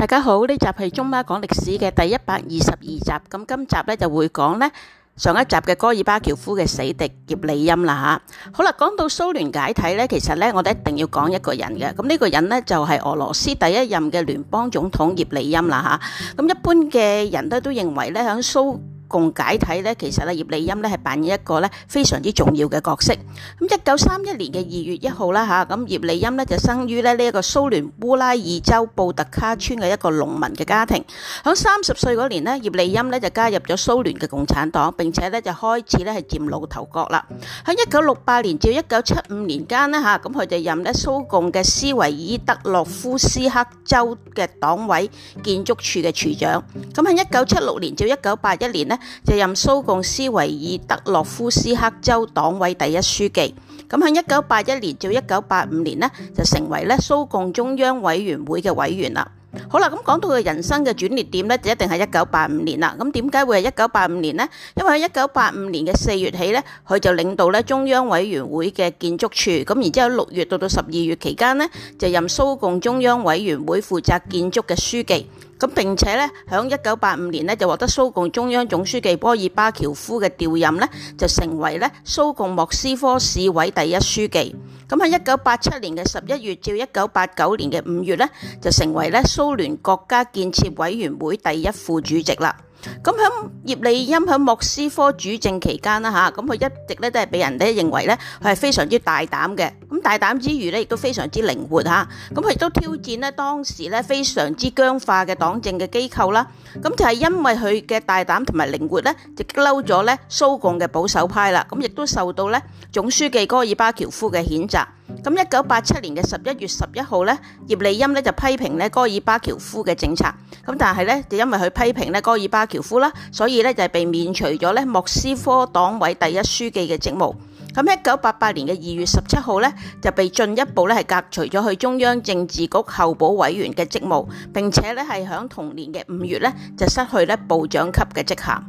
大家好，呢集係中媽講歷史嘅第一百二十二集，咁今集咧就會講咧上一集嘅戈爾巴喬夫嘅死敵葉利欽啦吓。好啦，講到蘇聯解體咧，其實咧我哋一定要講一個人嘅，咁、這、呢個人咧就係俄羅斯第一任嘅聯邦總統葉利欽啦吓。咁一般嘅人都都認為咧響蘇。共解體咧，其實咧葉利欽咧係扮演一個咧非常之重要嘅角色。咁一九三一年嘅二月一號啦嚇，咁葉利欽呢就生於咧呢一個蘇聯烏拉爾州布特卡村嘅一個農民嘅家庭。喺三十歲嗰年呢，葉利欽呢就加入咗蘇聯嘅共產黨，並且咧就開始咧係嶄露頭角啦。喺一九六八年至一九七五年間咧嚇，咁佢就任咧蘇共嘅斯維爾德洛夫斯克州嘅黨委建築處嘅處長。咁喺一九七六年至一九八一年呢。就任蘇共斯維爾德洛夫斯克州黨委第一書記，咁喺一九八一年至一九八五年呢，就成為咧蘇共中央委員會嘅委員啦。好啦，咁講到佢人生嘅轉捩點咧，就一定係一九八五年啦。咁點解會係一九八五年呢？因為喺一九八五年嘅四月起咧，佢就領導咧中央委員會嘅建築處，咁然之後六月到到十二月期間呢，就任蘇共中央委員會負責建築嘅書記。咁並且咧，喺一九八五年咧就獲得蘇共中央總書記波爾巴喬夫嘅調任咧，就成為咧蘇共莫斯科市委第一書記。咁喺一九八七年嘅十一月至一九八九年嘅五月咧，就成為咧蘇聯國家建設委員會第一副主席啦。咁喺葉利欽喺莫斯科主政期間啦，咁佢一直咧都係俾人哋認為咧，佢係非常之大膽嘅。咁大膽之餘呢，亦都非常之靈活。咁佢亦都挑戰咧當時咧非常之僵化嘅黨政嘅機構啦。咁就係因為佢嘅大膽同埋靈活咧，就激嬲咗咧蘇共嘅保守派啦。咁亦都受到咧總書記戈爾巴喬夫嘅譴責。咁一九八七年嘅十一月十一號咧，葉利欽咧就批評咧戈爾巴喬夫嘅政策，咁但係咧就因為佢批評咧戈爾巴喬夫啦，所以咧就係被免除咗咧莫斯科黨委第一書記嘅職務。咁一九八八年嘅二月十七號咧，就被進一步咧係革除咗佢中央政治局候補委員嘅職務，並且咧係喺同年嘅五月咧就失去咧部長級嘅職銜。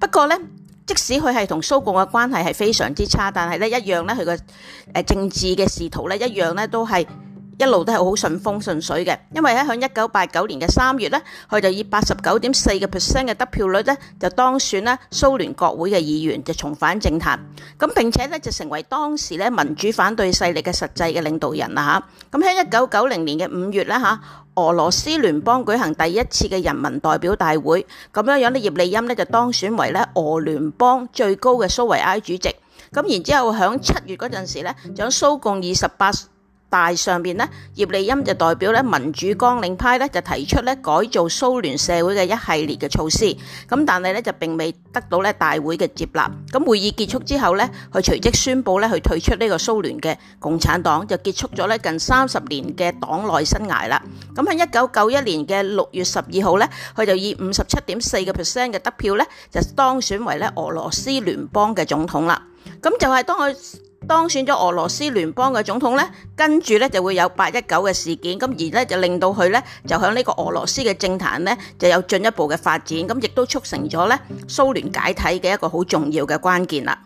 不過咧。即使佢係同蘇共嘅關係係非常之差，但係呢一樣呢佢個、呃、政治嘅仕途呢一樣呢都係。一路都係好順風順水嘅，因為喺響一九八九年嘅三月咧，佢就以八十九點四嘅 percent 嘅得票率咧就當選咧蘇聯國會嘅議員，就重返政壇，咁並且咧就成為當時咧民主反對勢力嘅實際嘅領導人啦嚇。咁喺一九九零年嘅五月呢，嚇、啊，俄羅斯聯邦舉行第一次嘅人民代表大會，咁樣樣咧葉利欽咧就當選為咧俄聯邦最高嘅蘇維埃主席。咁然之後喺七月嗰陣時咧，就喺蘇共二十八。大上邊咧，葉利欽就代表咧民主綱領派咧，就提出咧改造蘇聯社會嘅一系列嘅措施。咁但係咧就並未得到咧大會嘅接納。咁會議結束之後咧，佢隨即宣布咧佢退出呢個蘇聯嘅共產黨，就結束咗咧近三十年嘅黨內生涯啦。咁喺一九九一年嘅六月十二號咧，佢就以五十七點四個 percent 嘅得票咧，就當選為咧俄羅斯聯邦嘅總統啦。咁就係當佢。當選咗俄羅斯聯邦嘅總統呢，跟住呢就會有八一九嘅事件，咁而呢，就令到佢呢，就響呢個俄羅斯嘅政壇呢，就有進一步嘅發展，咁亦都促成咗呢蘇聯解體嘅一個好重要嘅關鍵啦。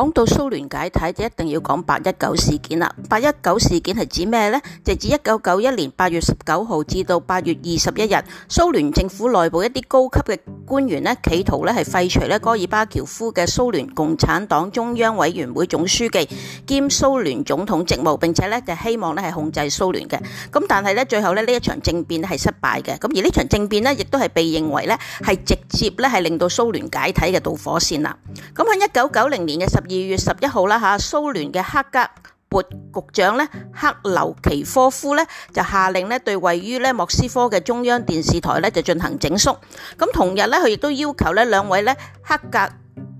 講到蘇聯解體就一定要講八一九事件啦。八一九事件係指咩呢？就指一九九一年八月十九號至到八月二十一日，蘇聯政府內部一啲高級嘅官員呢，企圖咧係廢除咧戈爾巴喬夫嘅蘇聯共產黨中央委員會總書記兼蘇聯總統職務，並且咧就希望咧係控制蘇聯嘅。咁但係咧最後咧呢一場政變係失敗嘅。咁而呢場政變呢，亦都係被認為咧係直接咧係令到蘇聯解體嘅導火線啦。咁喺一九九零年嘅十二月十一號啦嚇，蘇聯嘅克格勃局長呢，克留奇科夫呢就下令呢對位於呢莫斯科嘅中央電視台呢就進行整肅。咁同日呢佢亦都要求呢兩位呢克格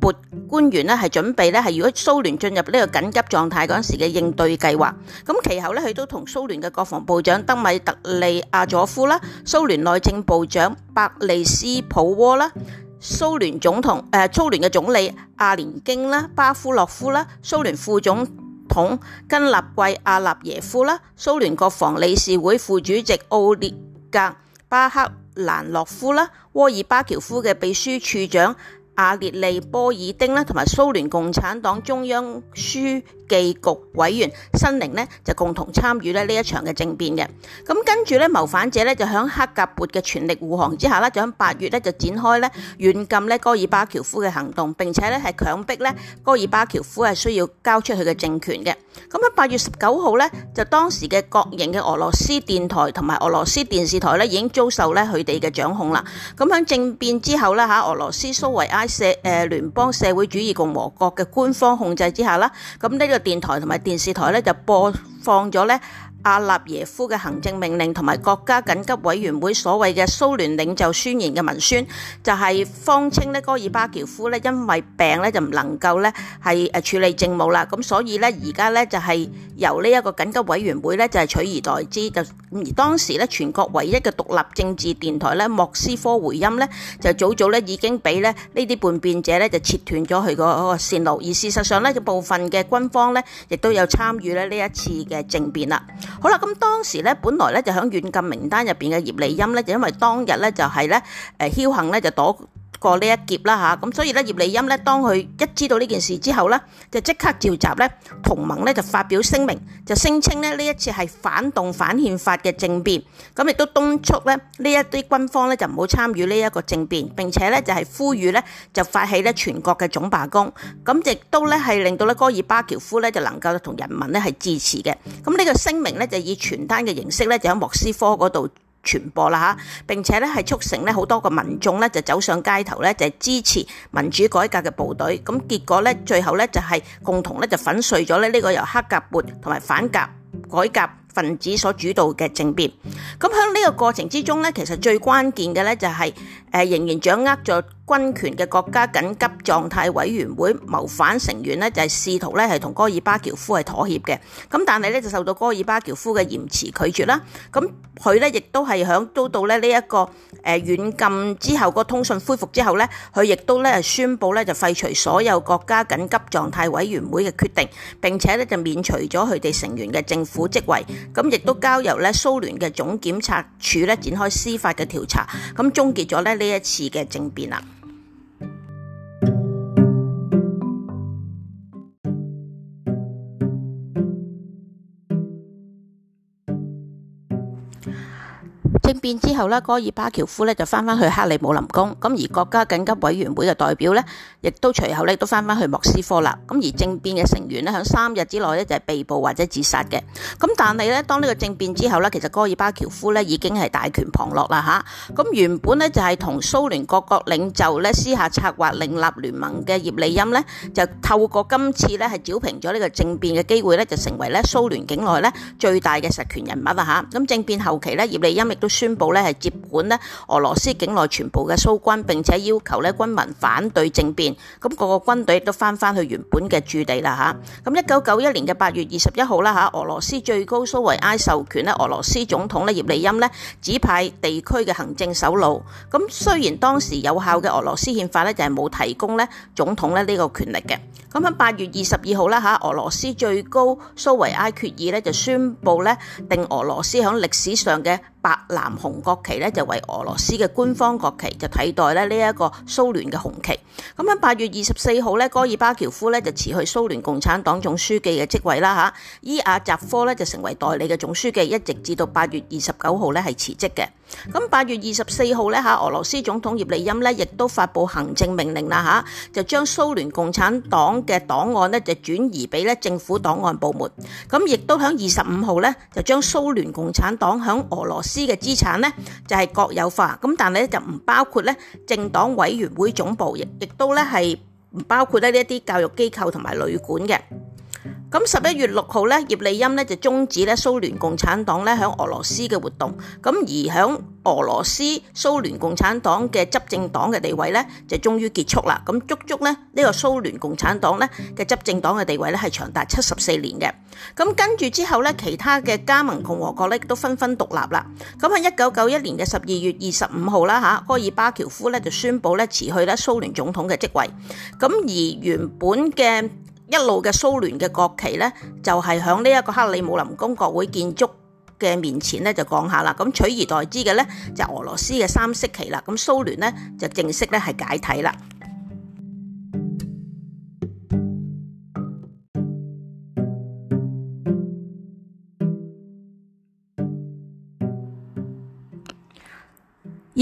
勃官員呢係準備呢係，如果蘇聯進入呢個緊急狀態嗰陣時嘅應對計劃。咁其後呢佢都同蘇聯嘅國防部長德米特利亞佐夫啦，蘇聯內政部長伯利斯普沃啦。蘇聯總統，誒、呃、蘇聯嘅總理阿連京啦，巴夫洛夫啦，蘇聯副總統根納季阿納耶夫啦，蘇聯國防理事會副主席奧列格巴克蘭洛夫啦，沃爾巴喬夫嘅秘書處長阿列利波爾丁啦，同埋蘇聯共產黨中央書記局委員新寧呢就共同參與咧呢一場嘅政變嘅，咁跟住咧謀反者咧就喺克格勃嘅全力護航之下呢就喺八月咧就展開咧軟禁咧戈爾巴喬夫嘅行動，並且咧係強迫咧戈爾巴喬夫係需要交出佢嘅政權嘅。咁喺八月十九號呢，就當時嘅國營嘅俄羅斯電台同埋俄羅斯電視台咧已經遭受咧佢哋嘅掌控啦。咁喺政變之後啦嚇，俄羅斯蘇維埃社誒聯邦社會主義共和國嘅官方控制之下啦，咁呢個。電台同埋電視台咧，就播放咗咧，阿納耶夫嘅行政命令同埋國家緊急委員會所謂嘅蘇聯領袖宣言嘅文宣，就係方稱呢戈爾巴喬夫呢因為病呢，就唔能夠呢係處理政務啦，咁所以呢，而家呢就係由呢一個緊急委員會呢，就係取而代之，就而當時呢，全國唯一嘅獨立政治電台呢，莫斯科回音呢，就早早呢已經俾呢啲叛變者呢，就切斷咗佢個個線路，而事實上呢，就部分嘅軍方呢，亦都有參與呢一次嘅政變啦。好啦，咁當時咧，本來咧就喺軟禁名單入邊嘅葉利欽咧，就因為當日咧就係、是、咧，誒、呃、僥幸咧就躲過呢一劫啦吓，咁所以咧葉利欽咧，當佢一知道呢件事之後咧，就即刻召集咧同盟咧，就發表聲明，就聲稱咧呢一次係反動反憲法嘅政變，咁亦都敦促咧呢一啲軍方咧就唔好參與呢一個政變，並且咧就係呼籲咧就發起咧全國嘅總罷工，咁亦都咧係令到咧戈爾巴喬夫咧就能夠同人民咧係支持嘅，咁、這、呢個聲明咧就以傳單嘅形式咧就喺莫斯科嗰度傳播啦嚇，並且咧係促成咧好多個民眾咧就走上街頭咧，就支持民主改革嘅部隊。咁結果咧，最後咧就係共同咧就粉碎咗咧呢個由黑格勃同埋反革改革分子所主導嘅政變。咁喺呢個過程之中咧，其實最關鍵嘅咧就係、是。誒，仍然掌握咗軍權嘅國家緊急狀態委員會謀反成員呢，就係試圖咧係同戈爾巴喬夫係妥協嘅，咁但係咧就受到戈爾巴喬夫嘅嚴詞拒絕啦。咁佢咧亦都係響遭到咧呢一個誒軟禁之後，個通訊恢復之後咧，佢亦都咧宣布咧就廢除所有國家緊急狀態委員會嘅決定，並且咧就免除咗佢哋成員嘅政府職位，咁亦都交由咧蘇聯嘅總檢察處咧展開司法嘅調查，咁終結咗咧。呢一次嘅政變啦！政變之後呢戈爾巴喬夫呢就翻翻去克里姆林宮，咁而國家緊急委員會嘅代表呢，亦都隨後呢都翻翻去莫斯科啦。咁而政變嘅成員呢，喺三日之內呢就係被捕或者自殺嘅。咁但係呢，當呢個政變之後呢，其實戈爾巴喬夫呢已經係大權旁落啦吓。咁原本呢，就係同蘇聯各國領袖呢私下策劃另立聯盟嘅葉利欽呢，就透過今次呢係剿平咗呢個政變嘅機會呢，就成為呢蘇聯境內呢最大嘅實權人物啊吓。咁政變後期呢，葉利欽亦都宣部咧係接管咧俄羅斯境內全部嘅蘇軍，並且要求咧軍民反對政變。咁各個軍隊都翻翻去原本嘅駐地啦嚇。咁一九九一年嘅八月二十一號啦嚇，俄羅斯最高蘇維埃授權咧俄羅斯總統咧葉利欽咧指派地區嘅行政首腦。咁雖然當時有效嘅俄羅斯憲法咧就係冇提供咧總統咧呢個權力嘅。咁喺八月二十二號啦嚇，俄羅斯最高蘇維埃決議咧就宣布咧，定俄羅斯喺歷史上嘅白藍紅國旗咧就為俄羅斯嘅官方國旗，就替代咧呢一個蘇聯嘅紅旗。咁喺八月二十四號咧，戈爾巴喬夫咧就辭去蘇聯共產黨總書記嘅職位啦嚇，伊亞扎科咧就成為代理嘅總書記，一直至到八月二十九號咧係辭職嘅。咁八月二十四號咧嚇，俄羅斯總統葉利欽呢亦都發布行政命令啦嚇，就將蘇聯共產黨嘅檔案咧就轉移俾咧政府檔案部門，咁亦都響二十五號咧就將蘇聯共產黨響俄羅斯嘅資產咧就係國有化，咁但係咧就唔包括咧政黨委員會總部，亦亦都咧係唔包括咧呢一啲教育機構同埋旅館嘅。咁十一月六號咧，葉利欽咧就終止咧蘇聯共產黨咧喺俄羅斯嘅活動，咁而喺俄羅斯蘇聯共產黨嘅執政黨嘅地位咧就終於結束啦。咁足足咧呢個蘇聯共產黨咧嘅執政黨嘅地位咧係長達七十四年嘅。咁跟住之後咧，其他嘅加盟共和國咧都紛紛獨立啦。咁喺一九九一年嘅十二月二十五號啦嚇，戈爾巴喬夫咧就宣布咧辭去咧蘇聯總統嘅職位，咁而原本嘅一路嘅蘇聯嘅國旗咧，就係喺呢一個克里姆林宮國會建築嘅面前咧，就降下啦。咁取而代之嘅咧，就是俄羅斯嘅三色旗啦。咁蘇聯咧就正式咧係解體啦。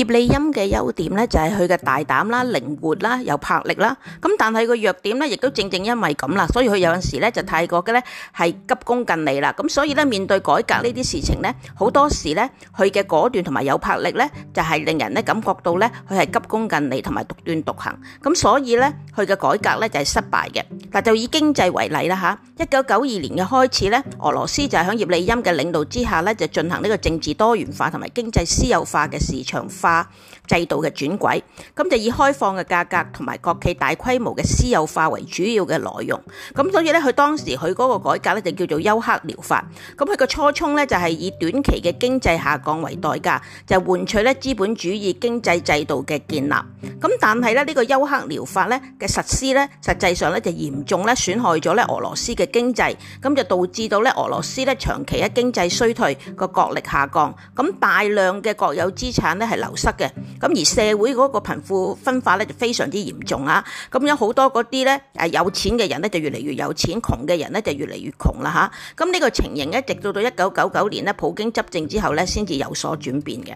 葉利欽嘅優點咧就係佢嘅大膽啦、靈活啦、有魄力啦。咁但係佢嘅弱點咧，亦都正正因為咁啦，所以佢有陣時咧就太過嘅咧係急功近利啦。咁所以咧面對改革呢啲事情咧，好多時咧佢嘅果斷同埋有魄力咧，就係令人咧感覺到咧佢係急功近利同埋獨斷獨行。咁所以咧佢嘅改革咧就係失敗嘅。嗱，就以經濟為例啦吓，一九九二年嘅開始咧，俄羅斯就係響葉利欽嘅領導之下咧就進行呢個政治多元化同埋經濟私有化嘅市場化。化制度嘅轉軌，咁就以開放嘅價格同埋國企大規模嘅私有化為主要嘅內容。咁所以咧，佢當時佢嗰個改革咧就叫做休克療法。咁佢個初衷咧就係以短期嘅經濟下降為代價，就換取咧資本主義經濟制度嘅建立。咁但係咧呢個休克療法咧嘅實施咧，實際上咧就嚴重咧損害咗咧俄羅斯嘅經濟，咁就導致到咧俄羅斯咧長期嘅經濟衰退，個國力下降，咁大量嘅國有資產咧係流嘅，咁而社會嗰個貧富分化咧就非常之嚴重啊！咁樣好多嗰啲咧誒有錢嘅人咧就越嚟越有錢，窮嘅人咧就越嚟越窮啦吓！咁、這、呢個情形呢，直到到一九九九年咧普京執政之後咧，先至有所轉變嘅。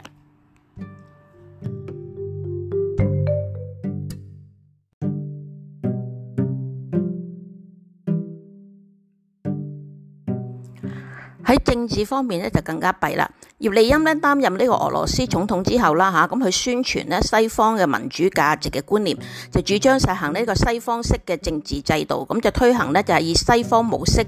喺政治方面咧就更加弊啦。葉利欽咧擔任呢個俄羅斯總統之後啦，吓，咁佢宣傳咧西方嘅民主價值嘅觀念，就主張實行呢個西方式嘅政治制度，咁就推行咧就係以西方模式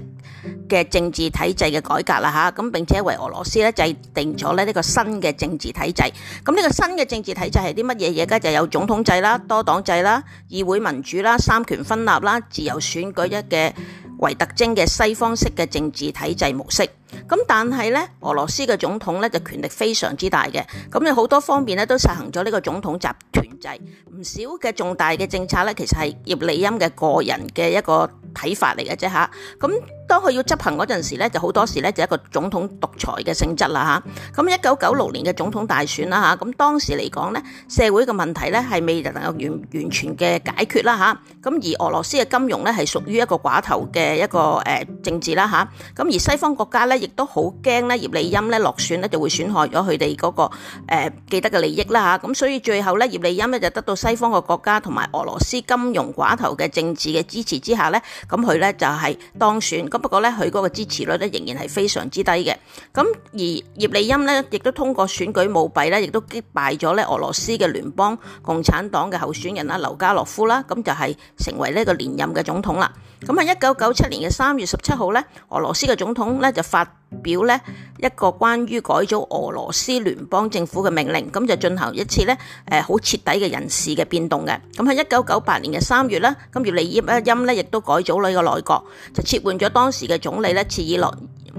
嘅政治體制嘅改革啦吓，咁並且為俄羅斯咧制定咗咧呢個新嘅政治體制。咁、這、呢個新嘅政治體制係啲乜嘢嘢？就有總統制啦、多黨制啦、議會民主啦、三權分立啦、自由選舉一嘅為特徵嘅西方式嘅政治體制模式。咁但係咧，俄羅斯嘅總統咧就權力非常之大嘅，咁有好多方面咧都實行咗呢個總統集團制，唔少嘅重大嘅政策咧，其實係葉利欽嘅個人嘅一個睇法嚟嘅啫吓，咁、啊、當佢要執行嗰陣時咧，就好多時咧就是一個總統獨裁嘅性質啦吓，咁一九九六年嘅總統大選啦吓，咁、啊啊、當時嚟講咧，社會嘅問題咧係未能夠完完全嘅解決啦吓，咁、啊啊、而俄羅斯嘅金融咧係屬於一個寡頭嘅一個誒、呃、政治啦吓，咁、啊啊、而西方國家咧。亦都好驚咧，葉利欽咧落選咧就會損害咗佢哋嗰個誒、呃、既得嘅利益啦吓，咁所以最後咧葉利欽咧就得到西方嘅國家同埋俄羅斯金融寡頭嘅政治嘅支持之下咧，咁佢咧就係當選。咁不過咧佢嗰個支持率咧仍然係非常之低嘅。咁而葉利欽咧亦都通過選舉舞弊咧，亦都擊敗咗咧俄羅斯嘅聯邦共產黨嘅候選人啦，劉加洛夫啦，咁就係、是、成為呢個連任嘅總統啦。咁喺一九九七年嘅三月十七號咧，俄羅斯嘅總統咧就發表咧一個關於改組俄羅斯聯邦政府嘅命令，咁就進行一次咧誒好徹底嘅人事嘅變動嘅。咁喺一九九八年嘅三月啦，咁葉利音咧亦都改組呢個內閣，就撤換咗當時嘅總理咧，切爾諾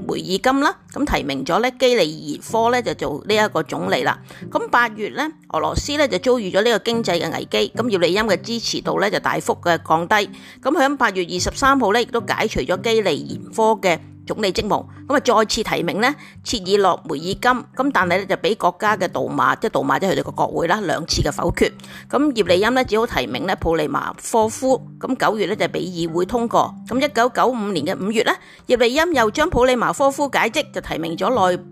梅爾金啦，咁提名咗咧基里延科咧就做呢一個總理啦。咁八月咧，俄羅斯咧就遭遇咗呢個經濟嘅危機，咁葉利欽嘅支持度咧就大幅嘅降低。咁喺八月二十三號咧，亦都解除咗基里延科嘅。總理職務，咁啊再次提名呢，切爾諾梅爾金，咁但係咧就俾國家嘅杜馬，即係杜馬即係佢哋個國會啦，兩次嘅否決，咁葉利欽呢，只好提名咧普里馬科夫，咁九月咧就俾議會通過，咁一九九五年嘅五月呢，葉利欽又將普里馬科夫解職，就提名咗內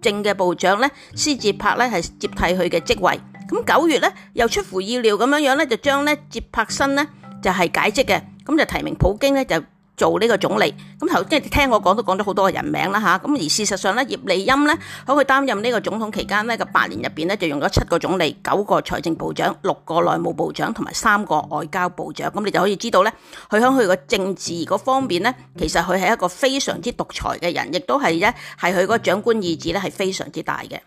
政嘅部長呢斯捷帕呢，係接替佢嘅職位，咁九月呢，又出乎意料咁樣樣呢，就將呢捷帕申呢，就係解職嘅，咁就提名普京呢，就。做呢個總理，咁頭先聽我講都講咗好多個人名啦嚇，咁而事實上咧，葉利欽咧，喺佢擔任呢個總統期間呢個八年入邊咧，就用咗七個總理、九個財政部長、六個內務部長同埋三個外交部長，咁你就可以知道咧，佢喺佢個政治嗰方面咧，其實佢係一個非常之獨裁嘅人，亦都係咧係佢嗰個長官意志咧係非常之大嘅。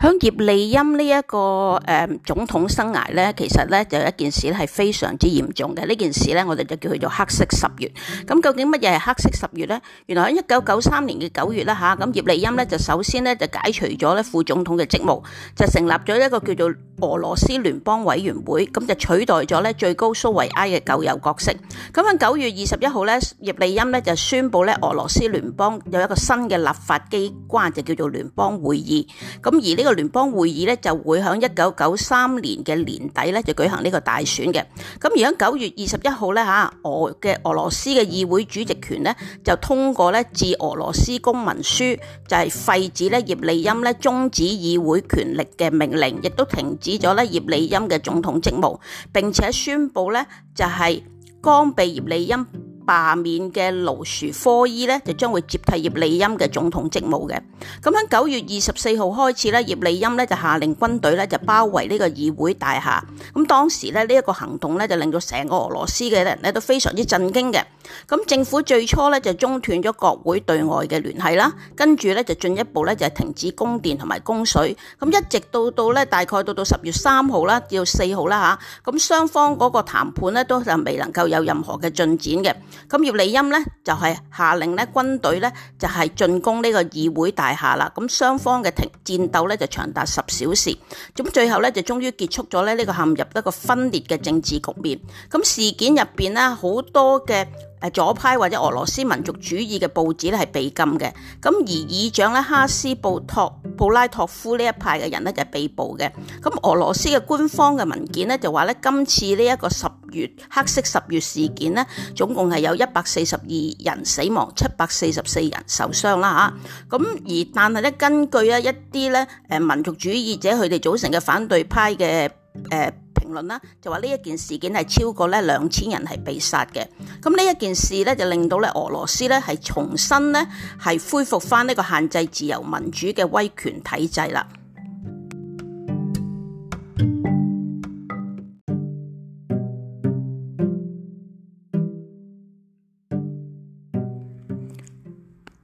喺葉利欽呢一個誒、嗯、總統生涯咧，其實咧就一件事咧係非常之嚴重嘅。呢件事咧，我哋就叫佢做黑色十月。咁究竟乜嘢係黑色十月咧？原來喺一九九三年嘅九月啦，吓咁葉利欽咧就首先咧就解除咗咧副總統嘅職務，就成立咗一個叫做。俄羅斯聯邦委員會咁就取代咗咧最高蘇維埃嘅舊有角色。咁喺九月二十一號咧，葉利欽咧就宣布咧俄羅斯聯邦有一個新嘅立法機關，就叫做聯邦會議。咁而呢個聯邦會議咧就會喺一九九三年嘅年底咧就舉行呢個大選嘅。咁而喺九月二十一號咧嚇俄嘅俄羅斯嘅議會主席權咧就通過咧致俄羅斯公民書，就係廢止咧葉利欽咧終止議會權力嘅命令，亦都停止。辭咗咧葉利欽嘅總統職務，並且宣布咧就係剛被葉利欽。下面嘅盧殊科伊咧就將會接替葉利欽嘅總統職務嘅。咁喺九月二十四號開始咧，葉利欽咧就下令軍隊咧就包圍呢個議會大廈。咁當時咧呢一個行動咧就令到成個俄羅斯嘅人咧都非常之震驚嘅。咁政府最初咧就中斷咗國會對外嘅聯繫啦，跟住咧就進一步咧就停止供電同埋供水。咁一直到到咧大概到到十月三號啦，至到四號啦吓，咁雙方嗰個談判咧都就未能夠有任何嘅進展嘅。咁葉利欽咧就係、是、下令咧軍隊咧就係、是、進攻呢個議會大廈啦，咁雙方嘅停戰鬥咧就長達十小時，咁最後咧就終於結束咗咧呢個陷入一個分裂嘅政治局面。咁事件入面咧好多嘅。誒，左派或者俄羅斯民族主義嘅報紙咧係被禁嘅，咁而議長咧哈斯布托布拉托夫呢一派嘅人咧就係被捕嘅，咁俄羅斯嘅官方嘅文件咧就話咧，今次呢一個十月黑色十月事件咧總共係有一百四十二人死亡、七百四十四人受傷啦，嚇，咁而但係咧根據一啲咧誒，民族主義者佢哋組成嘅反對派嘅誒。呃論啦，就話呢一件事件係超過咧兩千人係被殺嘅，咁呢一件事咧就令到咧俄羅斯咧係重新咧係恢復翻呢個限制自由民主嘅威權體制啦。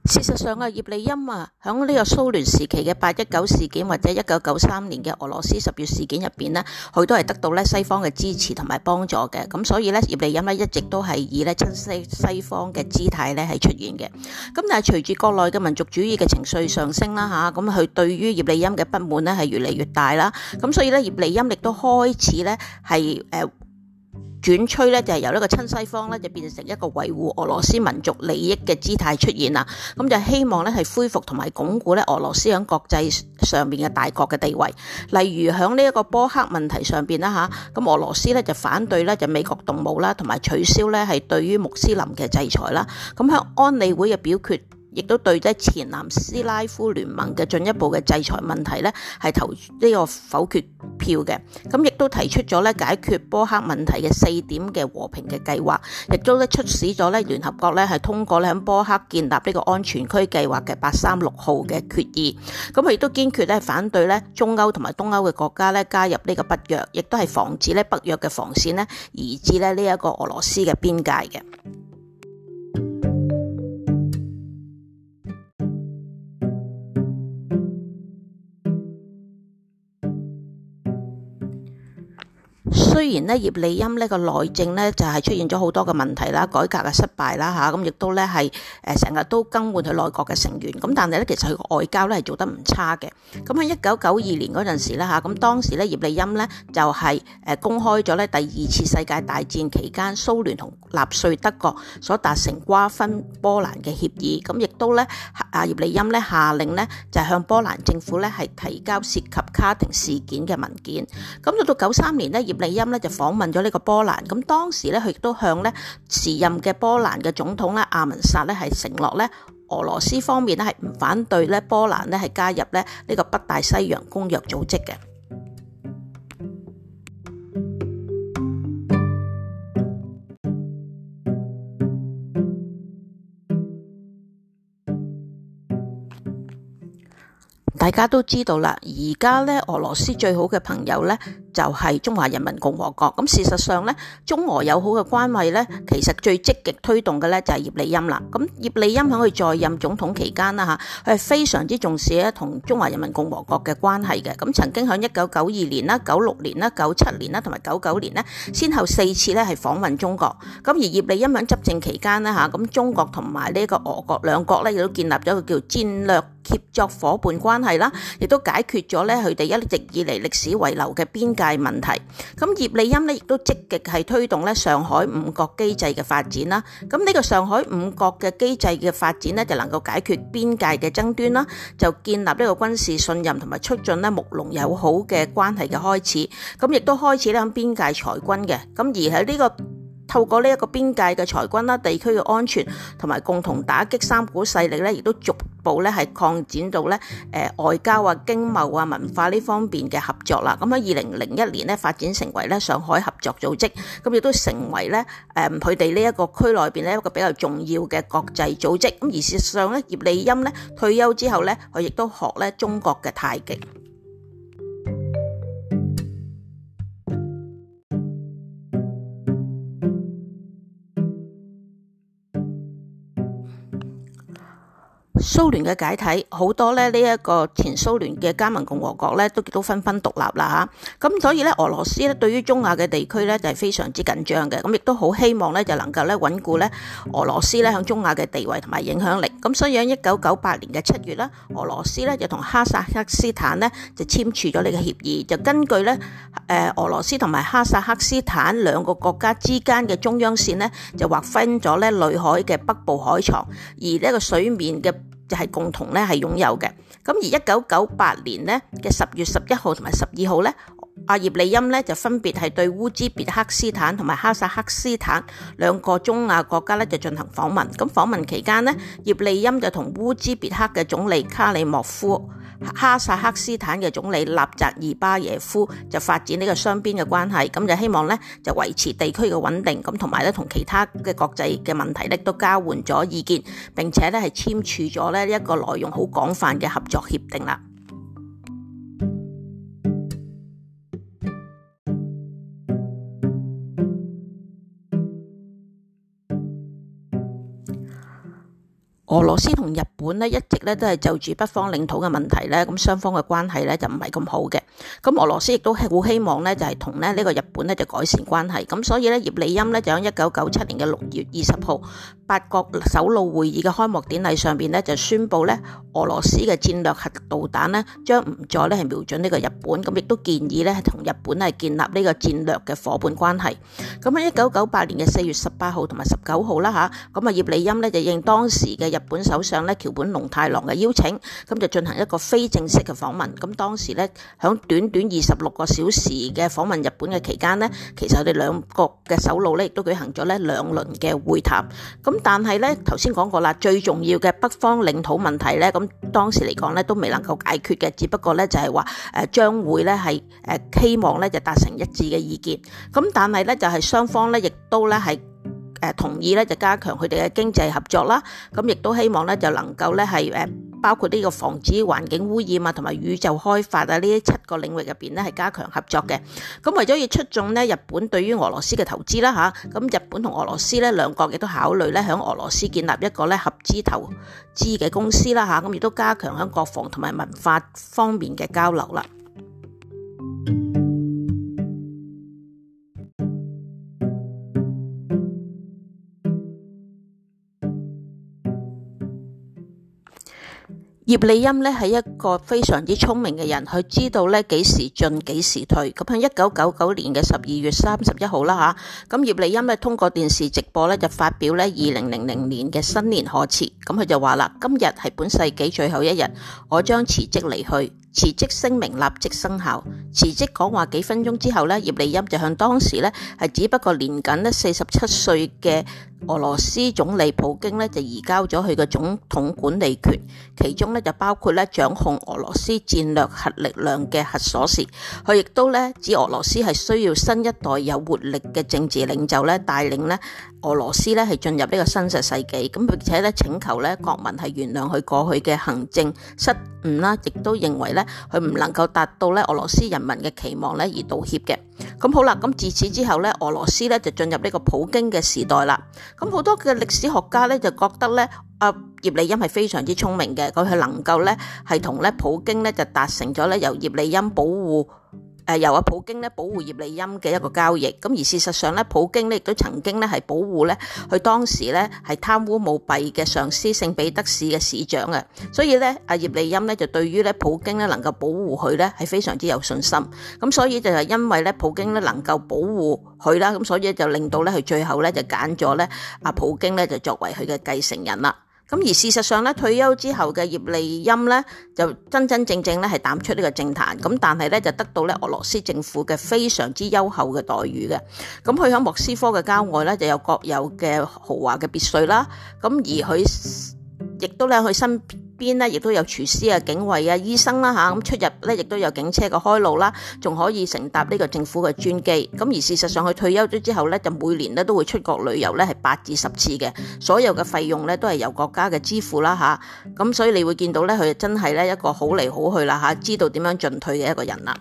事實上啊，葉利欽啊，喺呢個蘇聯時期嘅八一九事件或者一九九三年嘅俄羅斯十月事件入邊咧，佢都係得到咧西方嘅支持同埋幫助嘅。咁所以咧，葉利欽咧一直都係以咧親西西方嘅姿態咧係出現嘅。咁但係隨住國內嘅民族主義嘅情緒上升啦，吓咁佢對於葉利欽嘅不滿咧係越嚟越大啦。咁所以咧，葉利欽亦都開始咧係誒。轉趨咧就係由一個親西方咧就變成一個維護俄羅斯民族利益嘅姿態出現啦，咁就希望咧係恢復同埋鞏固咧俄羅斯喺國際上面嘅大國嘅地位，例如喺呢一個波克問題上面啦吓，咁俄羅斯咧就反對咧就美國動武啦，同埋取消咧係對於穆斯林嘅制裁啦，咁喺安理會嘅表決，亦都對咧前南斯拉夫聯盟嘅進一步嘅制裁問題咧，係投呢個否決票嘅。咁亦都提出咗咧解決波黑問題嘅四點嘅和平嘅計劃，亦都咧促使咗咧聯合國咧係通過咧喺波黑建立呢個安全區計劃嘅八三六號嘅決議。咁亦都堅決咧反對咧中歐同埋東歐嘅國家咧加入呢個北約，亦都係防止咧北約嘅防線咧移至咧呢一個俄羅斯嘅邊界嘅。雖然咧葉利欽呢個內政呢就係出現咗好多嘅問題啦，改革嘅失敗啦嚇，咁亦都咧係誒成日都更換佢內閣嘅成員，咁但係咧其實佢外交咧係做得唔差嘅。咁喺一九九二年嗰陣時呢嚇，咁當時咧葉利欽呢就係誒公開咗咧第二次世界大戰期間蘇聯同納粹德國所達成瓜分波蘭嘅協議，咁亦都咧阿葉利欽咧下令呢就係向波蘭政府咧係提交涉及卡廷事件嘅文件。咁到到九三年呢，葉利欽就訪問咗呢個波蘭，咁當時咧佢亦都向咧時任嘅波蘭嘅總統咧亞文薩咧係承諾呢俄羅斯方面咧係唔反對呢波蘭咧係加入咧呢個北大西洋公約組織嘅。大家都知道啦，而家咧俄羅斯最好嘅朋友咧，就係中華人民共和國。咁，事實上咧，中俄友好嘅關係咧，其實最積極推動嘅咧就係葉利欽啦。咁葉利欽喺佢在任總統期間啦嚇，佢係非常之重視咧同中華人民共和國嘅關係嘅。咁曾經喺一九九二年啦、九六年啦、九七年啦同埋九九年呢，先後四次咧係訪問中國。咁而葉利欽喺執政期間呢，嚇，咁中國同埋呢個俄國兩國咧亦都建立咗一個叫戰略協作夥伴關係啦，亦都解決咗咧佢哋一直以嚟歷史遺留嘅邊界。係問題，咁葉利欽呢，亦都積極係推動咧上海五國機制嘅發展啦。咁呢個上海五國嘅機制嘅發展呢，就能夠解決邊界嘅爭端啦，就建立呢個軍事信任同埋促進呢睦鄰友好嘅關係嘅開始。咁亦都開始呢喺邊界裁軍嘅。咁而喺呢個透過呢一個邊界嘅裁軍啦、地區嘅安全同埋共同打擊三股勢力咧，亦都逐步咧係擴展到咧誒外交啊、經貿啊、文化呢方面嘅合作啦。咁喺二零零一年咧發展成為咧上海合作組織，咁亦都成為咧誒佢哋呢一個區內邊咧一個比較重要嘅國際組織。咁而事實上咧，葉利欽咧退休之後咧，佢亦都學咧中國嘅太極。蘇聯嘅解體，好多咧呢一個前蘇聯嘅加盟共和國咧都都紛紛獨立啦嚇，咁所以咧俄羅斯咧對於中亞嘅地區咧就係非常之緊張嘅，咁亦都好希望咧就能夠咧穩固咧俄羅斯咧喺中亞嘅地位同埋影響力，咁所以喺一九九八年嘅七月咧，俄羅斯咧就同哈薩克斯坦咧就簽署咗呢個協議，就根據咧誒俄羅斯同埋哈薩克斯坦兩個國家之間嘅中央線呢，就劃分咗咧裏海嘅北部海床，而呢個水面嘅。就係共同咧，係擁有嘅。咁而一九九八年咧嘅十月十一號同埋十二號咧。阿葉利欽咧就分別係對烏茲別克斯坦同埋哈薩克斯坦兩個中亞國家咧就進行訪問。咁訪問期間咧，葉利欽就同烏茲別克嘅總理卡里莫夫、哈薩克斯坦嘅總理納扎爾巴耶夫就發展呢個雙邊嘅關係。咁就希望咧就維持地區嘅穩定。咁同埋咧同其他嘅國際嘅問題咧都交換咗意見，並且咧係簽署咗一個內容好廣泛嘅合作協定啦俄羅斯同日本咧，一直咧都係就住北方領土嘅問題咧，咁雙方嘅關係咧就唔係咁好嘅。咁俄羅斯亦都好希望咧，就係同咧呢個日本咧就改善關係。咁所以咧，葉利欽咧就喺一九九七年嘅六月二十號八國首腦會議嘅開幕典禮上邊咧就宣布咧俄羅斯嘅戰略核導彈呢，將唔再咧係瞄準呢個日本。咁亦都建議咧同日本係建立呢個戰略嘅夥伴關係。咁喺一九九八年嘅四月十八號同埋十九號啦吓，咁啊葉利欽咧就應當時嘅日本首相咧橋本龍太郎嘅邀請，咁就進行一個非正式嘅訪問。咁當時咧響。短短二十六個小時嘅訪問日本嘅期間呢，其實我哋兩國嘅首腦咧亦都舉行咗咧兩輪嘅會談。咁但係呢，頭先講過啦，最重要嘅北方領土問題呢，咁當時嚟講呢都未能夠解決嘅，只不過呢就係話誒將會呢係誒、呃、希望呢就達成一致嘅意見。咁但係呢，就係、是、雙方呢亦都呢係誒、呃、同意呢就加強佢哋嘅經濟合作啦。咁、啊、亦都希望呢，就能夠呢係誒。包括呢個防止環境污染啊，同埋宇宙開發啊呢七個領域入邊咧，係加強合作嘅。咁為咗要出眾呢，日本對於俄羅斯嘅投資啦吓，咁日本同俄羅斯呢兩國亦都考慮咧喺俄羅斯建立一個咧合資投資嘅公司啦吓，咁亦都加強喺國防同埋文化方面嘅交流啦。葉利欽咧係一個非常之聰明嘅人，佢知道咧幾時進幾時退。咁喺一九九九年嘅十二月三十一號啦吓，咁葉利欽咧通過電視直播咧就發表咧二零零零年嘅新年賀詞。咁佢就話啦：今日係本世紀最後一日，我將辭職離去。辭職聲明立即生效。辭職講話幾分鐘之後咧，葉利欽就向當時咧係只不過年僅咧四十七歲嘅。俄羅斯總理普京咧就移交咗佢嘅總統管理權，其中咧就包括咧掌控俄羅斯戰略核力量嘅核鎖匙。佢亦都咧指俄羅斯係需要新一代有活力嘅政治領袖咧帶領咧俄羅斯咧係進入呢個新世紀。咁並且咧請求咧國民係原諒佢過去嘅行政失誤啦，亦都認為咧佢唔能夠達到咧俄羅斯人民嘅期望咧而道歉嘅。咁好啦，咁自此之後咧，俄羅斯咧就進入呢個普京嘅時代啦。咁好多嘅歷史學家咧就覺得咧，阿葉利欽係非常之聰明嘅，佢係能夠咧係同咧普京咧就達成咗咧由葉利欽保護。誒由阿普京咧保護葉利欽嘅一個交易，咁而事實上咧，普京咧亦都曾經咧係保護咧佢當時咧係貪污舞弊嘅上司聖彼得市嘅市長嘅，所以咧阿葉利欽咧就對於咧普京咧能夠保護佢咧係非常之有信心，咁所以就係因為咧普京咧能夠保護佢啦，咁所以就令到咧佢最後咧就揀咗咧阿普京咧就作為佢嘅繼承人啦。咁而事實上咧，退休之後嘅葉利欽咧就真真正正咧係淡出呢個政壇，咁但係咧就得到咧俄羅斯政府嘅非常之優厚嘅待遇嘅，咁佢喺莫斯科嘅郊外咧就有國有嘅豪華嘅別墅啦，咁而佢，亦都咧，佢身邊咧，亦都有廚師啊、警衛啊、醫生啦吓，咁、啊、出入咧，亦都有警車嘅開路啦，仲可以乘搭呢個政府嘅專機。咁而事實上，佢退休咗之後咧，就每年咧都會出國旅遊咧，係八至十次嘅，所有嘅費用咧都係由國家嘅支付啦吓。咁、啊、所以你會見到咧，佢真係咧一個好嚟好去啦吓、啊，知道點樣進退嘅一個人啦。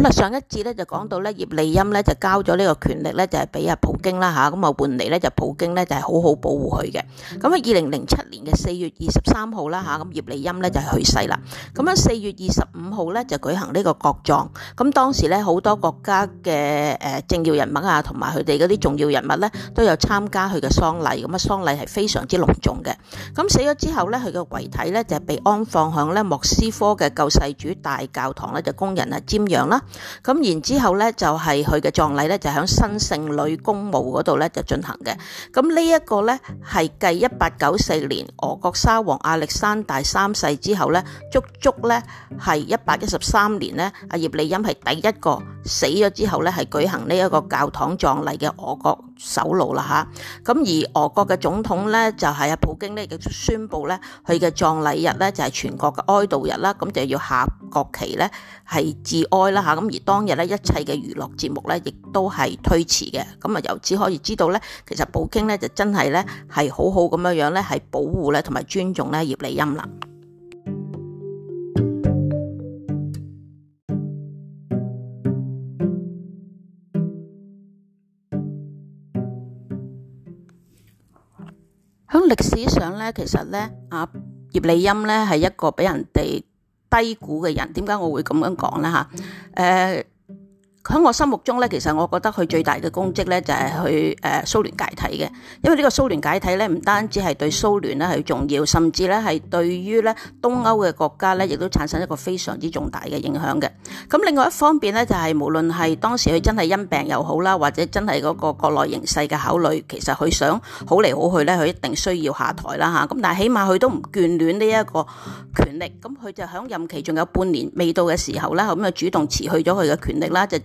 咁啊，上一節咧就講到咧葉利欽咧就交咗呢個權力咧就係俾阿普京啦嚇，咁啊換嚟咧就普京咧就係好好保護佢嘅。咁啊，二零零七年嘅四月二十三號啦嚇，咁葉利欽咧就係去世啦。咁啊，四月二十五號咧就舉行呢個國葬。咁當時咧好多國家嘅誒政要人物啊，同埋佢哋嗰啲重要人物咧都有參加佢嘅喪禮。咁啊，喪禮係非常之隆重嘅。咁死咗之後咧，佢嘅遺體咧就係被安放向咧莫斯科嘅救世主大教堂咧，就供人啊瞻仰啦。咁然之後咧，就係佢嘅葬禮咧，就喺新聖女公墓嗰度咧就進行嘅。咁呢一個咧，係繼一八九四年俄國沙皇亞歷山大三世之後咧，足足咧係一百一十三年咧，阿葉利欽係第一個死咗之後咧，係舉行呢一個教堂葬禮嘅俄國首勞啦嚇，咁而俄國嘅總統咧就係阿普京呢就宣布咧佢嘅葬禮日咧就係全國嘅哀悼日啦，咁就要下國旗咧係致哀啦嚇，咁而當日咧一切嘅娛樂節目咧亦都係推遲嘅，咁啊由此可以知道咧，其實普京咧就真係咧係好好咁樣樣咧係保護咧同埋尊重咧葉利欽啦。響歷史上咧，其實咧啊，葉利欽咧係一個俾人哋低估嘅人。點解我會咁樣講咧？吓、mm，誒、hmm。呃喺我心目中咧，其實我覺得佢最大嘅功績咧，就係去誒蘇聯解體嘅。因為呢個蘇聯解體咧，唔單止係對蘇聯咧係重要，甚至咧係對於咧東歐嘅國家咧，亦都產生一個非常之重大嘅影響嘅。咁另外一方面咧、就是，就係無論係當時佢真係因病又好啦，或者真係嗰個國內形勢嘅考慮，其實佢想好嚟好去咧，佢一定需要下台啦吓，咁但係起碼佢都唔眷戀呢一個權力，咁佢就喺任期仲有半年未到嘅時候咧，咁邊就主動辭去咗佢嘅權力啦，就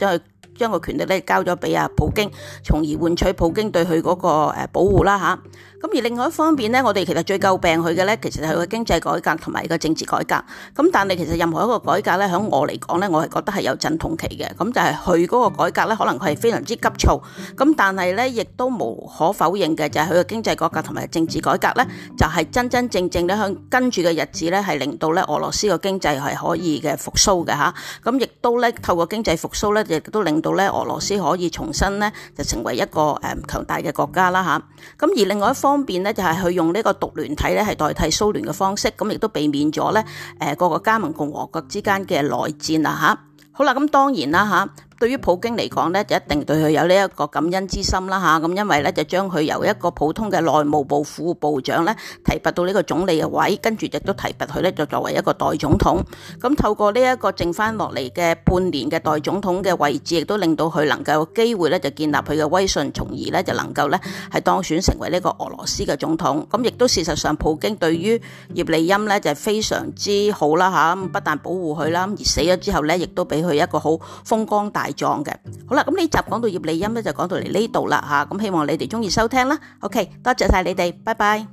將個權力咧交咗俾阿普京，從而換取普京對佢嗰個誒保護啦吓。咁而另外一方面咧，我哋其實最詬病佢嘅咧，其實係佢嘅經濟改革同埋個政治改革。咁但係其實任何一個改革咧，響我嚟講咧，我係覺得係有陣痛期嘅。咁就係佢嗰個改革咧，可能佢係非常之急躁。咁但係咧，亦都無可否認嘅就係佢嘅經濟改革同埋政治改革咧，就係真真正正咧響跟住嘅日子咧，係令到咧俄羅斯個經濟係可以嘅復蘇嘅吓，咁亦都咧透過經濟復蘇咧，亦都令到咧俄羅斯可以重新咧就成為一個誒強大嘅國家啦吓，咁而另外一方，方便咧就係佢用呢個獨聯體咧係代替蘇聯嘅方式，咁亦都避免咗咧誒各個加盟共和國之間嘅內戰啦吓、啊。好啦，咁當然啦吓。對於普京嚟講呢，就一定對佢有呢一個感恩之心啦嚇，咁因為呢，就將佢由一個普通嘅內務部副部長呢，提拔到呢個總理嘅位，跟住亦都提拔佢呢，就作為一個代總統。咁透過呢一個剩翻落嚟嘅半年嘅代總統嘅位置，亦都令到佢能夠有機會呢，就建立佢嘅威信，從而呢，就能夠呢係當選成為呢個俄羅斯嘅總統。咁亦都事實上，普京對於葉利欽呢就係非常之好啦嚇，不但保護佢啦，而死咗之後呢，亦都俾佢一個好風光大。的好啦，咁呢集講到葉麗音就講到嚟呢度啦吓，咁、啊、希望你哋鍾意收聽啦。OK，多謝晒你哋，拜拜。